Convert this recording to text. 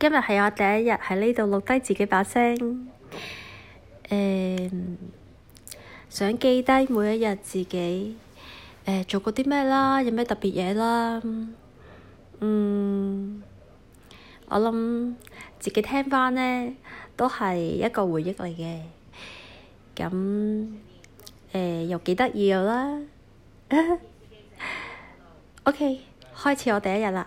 今日係我第一日喺呢度錄低自己把聲，誒、嗯、想記低每一日自己誒、嗯、做過啲咩啦，有咩特別嘢啦，嗯，我諗自己聽翻咧都係一個回憶嚟嘅，咁、嗯、誒、嗯、又幾得意嘅啦，OK 開始我第一日啦。